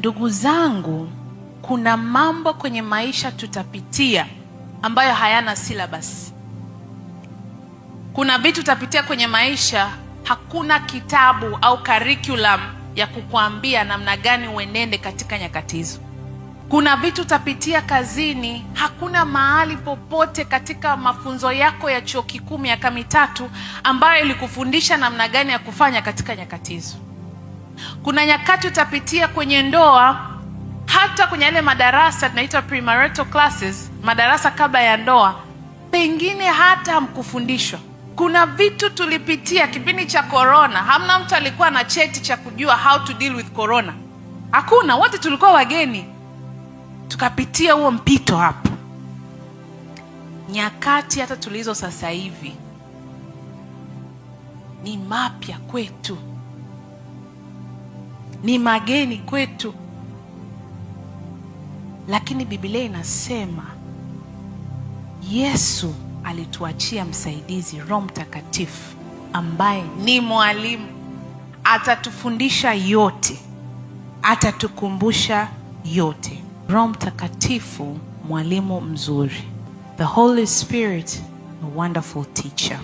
Ndugu zangu, kuna mambo kwenye maisha tutapitia ambayo hayana syllabus. Kuna vitu tutapitia kwenye maisha, hakuna kitabu au curriculum ya kukuambia namna gani uenende katika nyakati hizo. Kuna vitu utapitia kazini, hakuna mahali popote katika mafunzo yako ya chuo kikuu miaka mitatu ambayo ilikufundisha namna gani ya kufanya katika nyakati hizo. Kuna nyakati utapitia kwenye ndoa, hata kwenye yale madarasa tunaita premarital classes, madarasa kabla ya ndoa, pengine hata hamkufundishwa. Kuna vitu tulipitia kipindi cha corona, hamna mtu alikuwa na cheti cha kujua how to deal with corona, hakuna, wote tulikuwa wageni, tukapitia huo mpito hapo. Nyakati hata tulizo sasa hivi ni mapya kwetu ni mageni kwetu, lakini Biblia inasema Yesu alituachia msaidizi, Roho Mtakatifu ambaye ni mwalimu, atatufundisha yote, atatukumbusha yote. Roho Mtakatifu, mwalimu mzuri. The Holy Spirit, a wonderful teacher.